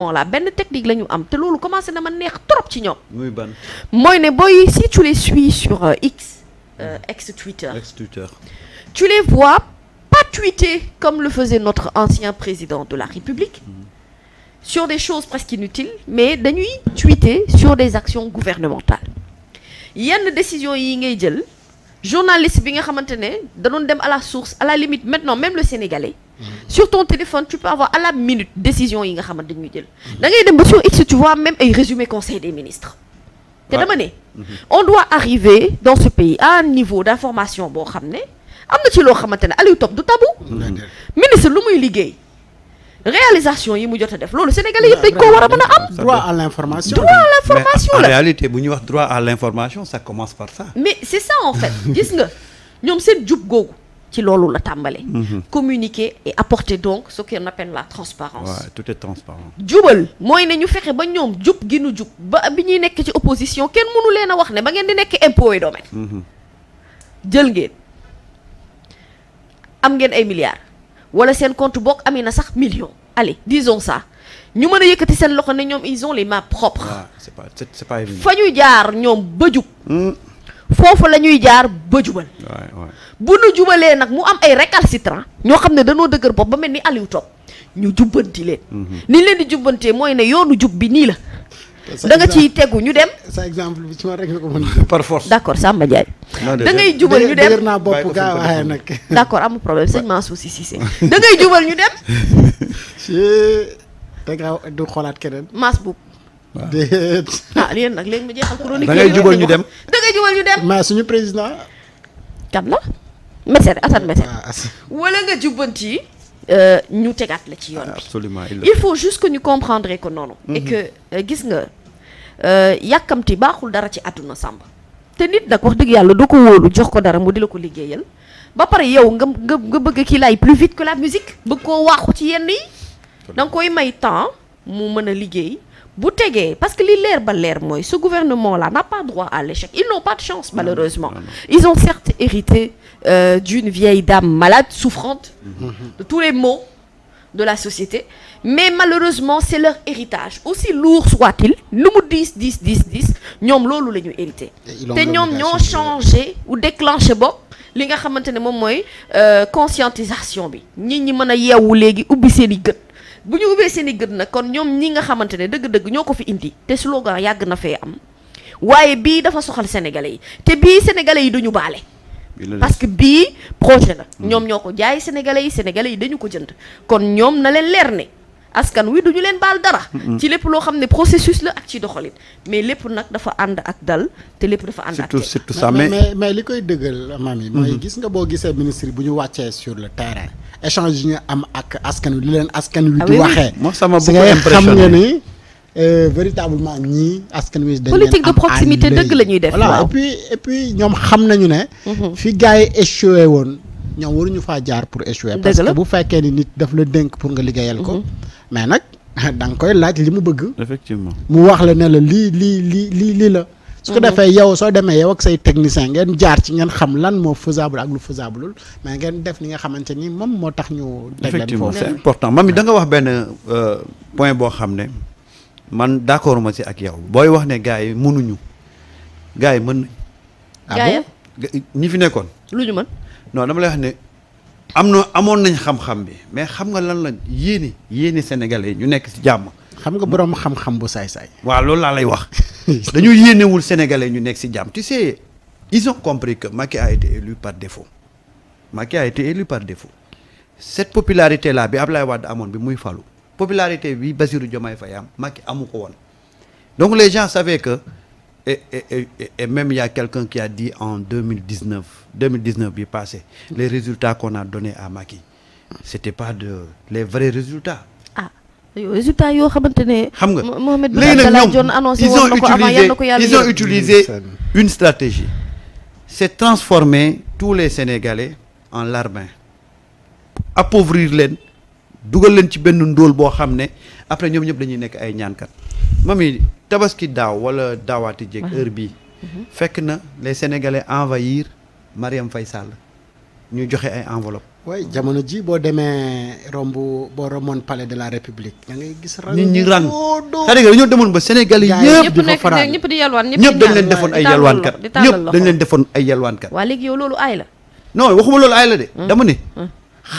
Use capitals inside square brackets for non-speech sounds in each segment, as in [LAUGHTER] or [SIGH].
là benn technique la ñu am te loolu commencé na ma neex trop ci ñoom. muy ban mooy ne booy si tu les suis sur euh, X. Euh, ex Twitter ex Twitter. tu les vois pas tweeter comme le faisait notre ancien président de la République. Mm. sur des choses presque inutiles mais dañuy tweeter sur des actions gouvernementales. yenn décision yi ngay jël journaliste bi nga xamante ne da dem à la source à la limite maintenant même le sénégalais. sur ton téléphone tu peux avoir à la minute décision yi nga xamante dañuy jël da ngay dem ba sur X tu vois même ay résumé conseil des ministres te dama ne mhm. on doit arriver dans ce pays à un niveau d'information boo xam ne am na ci loo xamante ne Aliou Top du tabou ministre lu muy liggéey réalisation yi mu jot def loolu sénégalais yëpp dañ koo war a a am. bu ñuy wax droit à l'information ça commence par ça. mais c'est ça en fait gis nga ñoom seen jub googu. ci loolu la tàmbale mhm. communiquer et apporter donc ce qu'on la transparence ouais, tout est transparent jubal mooy ne ñu fexe ba ñoom jub gi nu jub ba bi ñuy nekk ci opposition kenn mënu leen a wax ne ba ngeen di nekk impôt et domaine mhm. jël ngeen am ngeen ay milliards wala seen compte book amee na sax million allez disons ça ñu mën a yëkkati seen loxo ne ñoom ils ont les mains propres. waaw fa ñu jaar ñoom ba jub. Hmm. foofu la ñuy jaar ba jubal bu nu jubalee nag mu am ay rek récalcitrant ñoo xam ne danoo dëgër bopp ba mel ni Aliou Top ñu jubbanti leen mhm. ni leen di jubbantee mooy ne yoonu jub bi nii la da nga ciy tegu ñu dem sa exemple bi ci ma rek ko par force d'accord Samba Ndiaye da ngay jubal ñu dem dëgër naa bopp gaa waaye nag d'accord amul problème sëñ da ngay jubal ñu dem te [LAUGHS] gaaw du xoolaat keneen maas boobu déet. [LAUGHS] ah nag léegi mu jeexal chronique. da ngay jubal ñu dem da ngay jubal ñu dem. mais suñu président. kan la. Mesere Assane Mesere. Ah, wala nga jubbanti. Euh, ñu tegaat la ci yoon bi. absolument il faut juste que ñu comprendre ko noonu. et mhm. que euh, gis nga euh, yàkkamti baaxul dara ci àdduna sàmb te nit nag wax dëgg yàlla doo ko wóolu jox ko dara mu di la ko liggéeyal ba pare yow nga nga bëgg kii laay plus vite que la musique. bëgg koo waaxu ci yenn yi. da koy may temps mu mën a liggéey. bu tegee parce que li leer ba leer mooy ce gouvernement là n'a pas droit à l'échec ils n'ont pas de chance malheureusement ils ont certes hérité euh, d'une vieille dame malade souffrante mm-hmm. de tous les maux de la société mais malheureusement c'est leur héritage aussi lourd soit-il lu mu diis diis diis diis ñoom loolu la ñu hérité te ñoom ñoo changé ou déclenché bopp li nga xamante ne moom mooy euh, conscientisation bi nit ñi mën a yeewu léegi ubbi seen i bu ñu ubbee seen i gët nag kon ñoom ñi nga xamante ne dëgg-dëgg ñoo ko fi indi te slogan yàgg na fee am waaye bii dafa soxal sénégalais yi te bii sénégalais yi duñu baale parce que bii projet la mm. ñoom ñoo ko jaay sénégalais yi sénégalais yi dañu ko jënd kon ñoom na leen leer ne askan wi duñu leen baal dara. ci lépp loo xam ne processus la ak ci doxalin mais lépp nag dafa ànd ak dal te lépp dafa ànd ak. surtout surtout mais mais li koy dëgg mami. mooy mm-hmm. gis nga boo gisee ministre bu ñu wàccee sur le terrain échange yi ñu am ak askan wi li leen askan wi. Ah di waxee moom sama bu ko impressionné xam nga ni. Euh, véritablement ñii askan wi dañ politique de proximité dëgg la ñuy def. voilà et ñoom xam nañu ne. Mm-hmm. fi gars yi échoué woon ñoom waruñu faa jaar pour échouer. parce que bu fekkee ni nit daf la dénk pour nga liggéeyal ko. Mm-hmm. mais nag [LAUGHS] da koy laaj li mu bëgg. effectivement mu wax la ne la lii lii lii lii lii la. su ko mhm. defee yow soo demee yow ak say technicien ngeen jaar ci ngeen xam lan moo faisable ak lu faisablul mais ngeen def li nga xamante ni moom moo tax ñu. teg leen foofu c'est important mami da nga wax benn euh, point boo xam ne man d'accord ma si ak yow booy wax ne gars yi mënuñu gars yi mën nañ. ah fi nekkoon. lu ñu mën. non dama lay wax ne am na amoon nañ xam-xam bi mais xam nga lan la yéene yéene sénégalais yi ñu nekk ci jàmm. xam nga borom xam-xam bu saay-saay. waaw loolu laa lay wax [LAUGHS] dañu yéenewul sénégalais ñu nekk ci jàmm tu sais ils ont compris que Macky a été élu par défaut Macky a été élu par défo set popularité là bi ab Ablaye Wade amoon bi muy falu popularité bi Bassirou Diomaye fa am Macky amu ko woon donc les gens savaient que. et, et, et, et même il y a quelqu'un qui a dit en 2019, 2019 bien passé, les résultats qu'on a donnés à Macky, c'était pas de, les vrais résultats. Ah, les résultats, yo, xamantene, Mohamed Boun annoncé ils ont utilisé, ils ont utilisé mmh, une stratégie. C'est transformer tous les Sénégalais en larbins. Appauvrir leen, dugal leen ci benn ndóol boo xam ne après ñoom ñëpp dañuy nekk ay ñaankat. Mami tabaski daaw wala daawaati jéeg heure bii fekk na les sénégalais envahir Mariam Faye Sall ñu joxe ay enveloppe waaye ji boo demee romb boo romboon palais de la république da ngay gis rang nit ñi rang c'est-à-dire dañoo demoon ba sénégalais yëpp di fa faraan ñëpp di yalwaan ñëpp dañ leen defoon ay yalwaankat ñëpp dañ leen defoon ay yalwaankat waa léegi yow loolu aay la non waxuma loolu aay la de dama ne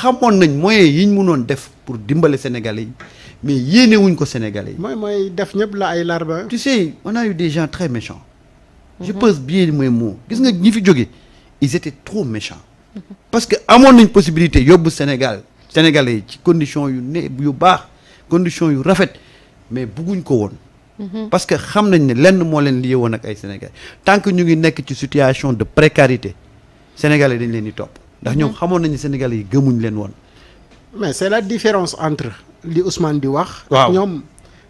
xamoon nañ moyens yi ñu mënoon def pour dimbale sénégalais yi mais yéene wuñ ko Sénégalais yi. mooy mooy def ñëpp la ay larba. tu sais on a des gens très méchants. Mm-hmm. je pèse bien mes mots gis nga ñi fi jóge ils étaient trop méchants. Mm-hmm. parce que amoon nañ possibilité yóbbu Sénégal Sénégalais yi ci condition yu ne yu baax condition yu rafet mais bugguñ ko woon. Mm-hmm. parce que xam nañ ne lenn moo leen lié woon ak ay Sénégalais tant que ñu ngi nekk ci situation de précarité Sénégalais dañ leen di topp. ndax ñoom xamoon nañu Sénégalais yi gëmuñ leen woon. mais c'est la différence entre. li Ousmane di wax. waaw ñoom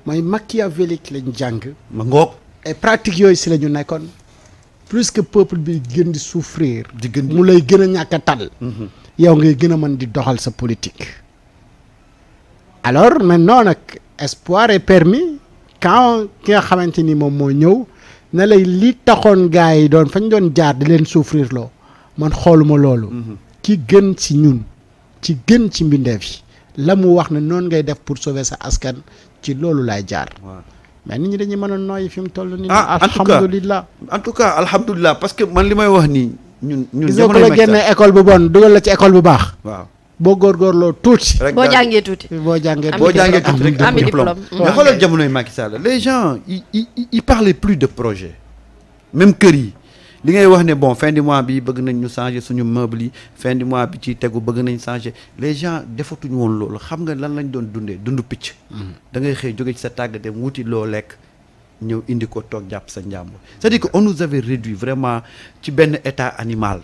mooy machiavélique lañu jàng. ma ngoog et pratique yooyu si la ñu nekkoon. plus que peuple bi gën di souffrir. di gën mu lay gën a ñàkk a tal. Mhm. yow ngay gën a mën di doxal sa politique. alors maintenant nag espoir est permis quand ki nga xamante ni moom moo ñëw ne lay li taxoon gars yi doon fañ doon jaar di leen souffrir loo man xooluma loolu. ci mhm. gën ci ñun. ci gën ci mbindeef yi. la mu wax ne noonu ngay def pour sauver sa askan ci loolu laay jaar. mais nit ñi dañuy mën a nooyi fi mu toll nii. ah en tout cas alhamdulilah. en tout cas alhamdulilah parce que man li may wax nii. ñun ñun jamono génne école bu bon dugal la ci école bu baax. waaw boo góorgóorloo tuuti. rek boo jàngee tuuti. boo jàngee tuuti boo jàngee tuuti rek am diplôme. mais xoolal jamonoy Macky Sall les gens ils ils ils parlaient plus de projet même kër yi. li ngay wax ne bon fin du mois bi bëgg nañ ñu changer suñu meuble yi fin du mois bi ci tegu bëgg nañ changer les gens defatuñu woon loolu xam nga lan lañ doon dundee dundu picc mm-hmm. da ngay xëy jóge ci sa tàgg dem wuti loo lekk ñëw indi ko toog jàpp sa njàmbur c'est-à-dire que on nous avait réduit vraiment ci benn état animal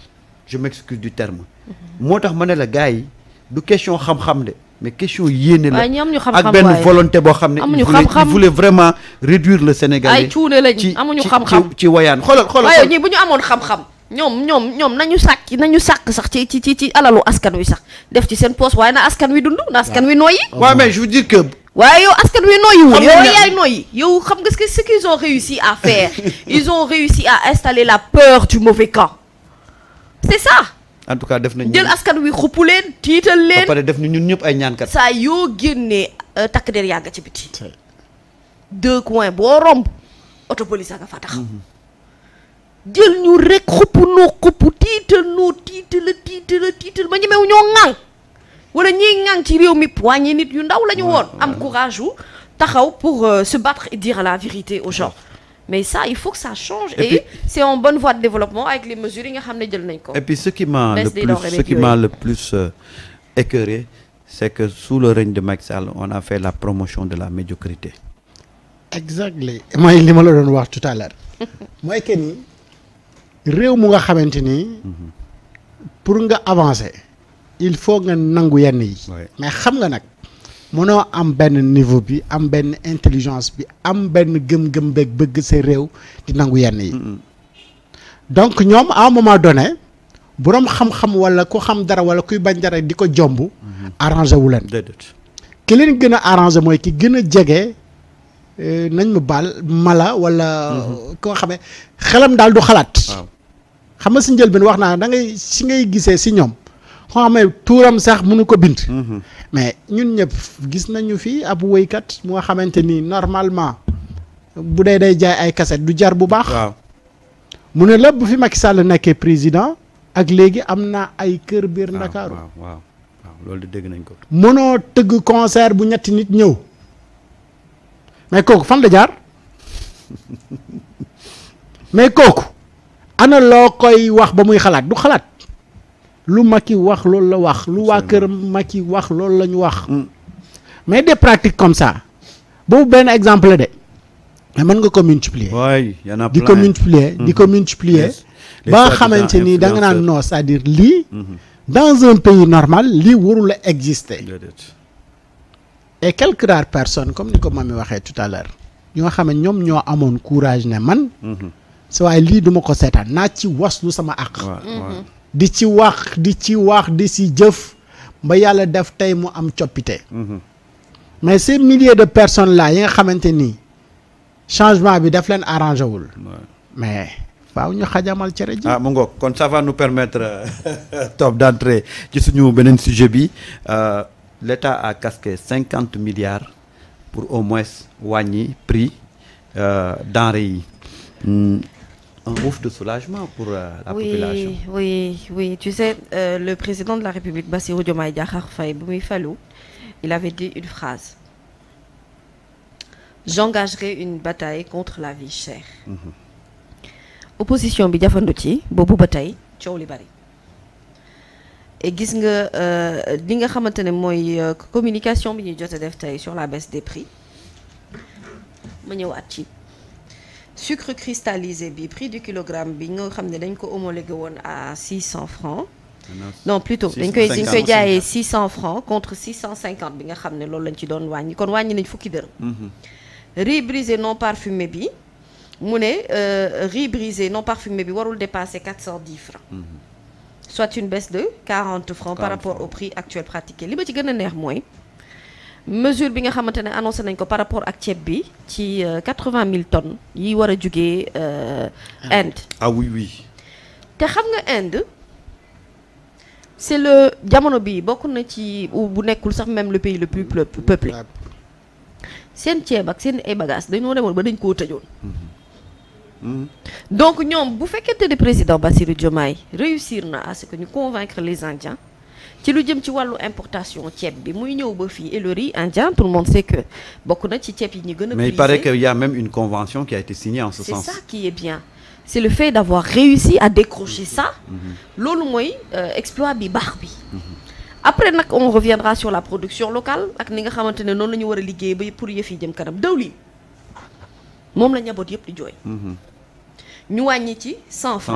je m'excuse du terme mm-hmm. moo tax ma ne la gars du question xam-xam de mais question yéene la ak benn am ñu xam ne amuñu xam-xam voulait vraiment réduire le Sénégalais ay cuune lañ ci amuñu xam-xam ci wayaan xoolal xoolal waaye ñii bu ñu amoon xam-xam ñoom ñoom ñoom nañu sàkk nañu sàkk sax ci ci ci ci alalu askan wi sax def ci seen poos waaye na askan wi dund na askan wi nooyi waaw mais je veux dire que waaye yow askan wi nooyiwul yow yaay nooyi yow xam nga ce qu'ils ont réussi à faire [LAUGHS] ils ont réussi à installer la peur du mauvais camp c'est en tout cas def nañ jël askan wi xupp leen tiital leen def na ñun ñëpp ay ñaankat saa yoo génnee euh, takk der yaa ci biti deux coins boo romb oto police a nga fa taxaw mm-hmm. jël ñu rek xupp noo xupp tiital noo tiitala tiitala tiital ba ñemew ñoo ŋàng wala ñiy ŋàng ci réew mi poignée nit yu ndaw la woon am courage wu taxaw pour euh, se battre et dire la vérité aux gens mais ça il faut que ça change c'est en bonne voie de développement avec les mesures nga xam ne jël nañ ko et puis ce qui m'a le plus ce qui m'a le euh, c'est que sous le règne de Macky Sall on a fait la promotion de la médiocrité exactly mooy li ma la doon wax tout à l'heure [LAUGHS] mooy réew mu nga xamante ni mhm. pour nga avancer il faut nga nangu yenn yi mais xam nga nag mënoo am benn niveau bi am benn intelligence bi am benn gëm-gëm beeg bëgg sa réew di nangu yenn yi. donc ñoom à un moment donné boroom xam-xam walla ku xam dara walla kuy bañ dara di ko jomb. Mm-hmm. arrangé wu leen. ki leen gën a arrangé mooy ki gën a jege euh, nañ mu baal mala walla. Mm-hmm. koo xamee xelam daal du xalaat. xam nga si njëlbeen wax naa da ngay si ngay gisee si ñoom. xoo xam ne tuuram sax mënu ko bind. Mhm. mais ñun ñëpp gis nañu fii ab woykat moo xamante ni normalement bu dee day jaay ay kaset du jar bu baax. mu ne lépp bu fi Macky Sall nekkee président ak léegi am na ay kër biir Ndakaaru. waaw loolu dégg nañ ko. mënoo tëgg concert bu ñetti nit ñëw mais kooku fan la jaar [LAUGHS] mais kooku ana loo koy wax ba muy xalaat du xalaat. lu Macky wax loolu la wax lu waa kër Macky wax loolu la ñu wax mm. mais des pratique comme sa boobu benn exemple de mais mën nga ko multiplier di ko multiplier di ko mm. multiplier ba nga xamante ni da nga naan non c'est-à-dire lii mm-hmm. dans un pays normal lii warula existe exister et quelques rares comme ni ko mami waxee tout à l'heure ñu nga xam ne ñoom ñoo amoon courage ne man mm-hmm. sa waaye lii duma ko seetaan naa ci waslu sama àq mm-hmm. di ci wax di ci wax di ci jëf ba yàlla def tey mu am coppite mhm. mais ces milliers de personnes là yi nga xamante ni changement bi daf leen arrangé wul mais waaw ñu xajamal cere ji. ah mu ngoog kon ça va nous permettre euh, [LAUGHS] top d'entrée ci suñu beneen sujet bi euh, l'État a casqué cinquante milliards pour au moins wàññi prix euh, denrées yi hmm. un ouf de soulagement pour euh, la oui, population. Oui, oui, tu sais, euh, le président de la République, Bassirou Diomaye Diakhar Faye, Falou, il avait dit une phrase. J'engagerai une bataille contre la vie chère. Mhm. Opposition bi jafandu ci boobu ba tey coow li bari. et gis nga euh, li nga xamante ne mooy euh, communication bi ñuy jot a def tey sur la baisse des prix ma ci. sucre cristallisé bi prix du kilogramme bi nga xam ne dañ ko homologué woon à 600 francs non plutôt dañ koy dañ koy jaayee 600 francs contre 650 bi nga xam ne loolu lañ ci doon wàññi kon wàññi nañ fukki dërëm mhm. riz brisé non parfumé bi mu ne euh, riz brisé non parfumé bi warul dépasser 410 francs mhm. soit une baisse de 40 francs 40 par rapport francs. au prix actuel pratiqué li ma ci gën a neex mooy mesure bi nga xamante ne annoncé nañ ko par rapport ak ceeb bi ci euh, quatre vingt mille tonnes yi war a jugee euh, ah. Inde. Ah te xam nga Inde c'est le jamono bi bokk na ci bu nekkul sax même le pays le plus peuplé seen ceeb ak seen ay bagages dañoo demoon ba dañ koo tëjoon. Mm-hmm. Mm-hmm. donc ñoom bu fekkente ne président Bassirou Diomaye réussir na à ce que ñu convaincre les Indiens. ci lu jëm ci wàllu importation ceeb bi muy ñëw ba fii et le riz indien tout le monde sait que bokk na ci ceeb yi ñu gën a. mais il paraît qu'il y a même une convention qui a été signée en ce sens. c'est ça qui est bien c'est le fait d'avoir réussi à décrocher ça. Mm-hmm. Mm-hmm. loolu mooy euh, exploit bi baax bi. Mm-hmm. après nag on reviendra sur la production locale ak ni nga xamante ne noonu la ñu war a liggéey ba pour yëf yi jëm kanam dawlin moom la njaboot yëpp di jooy. ñu wàññi ci 100 francs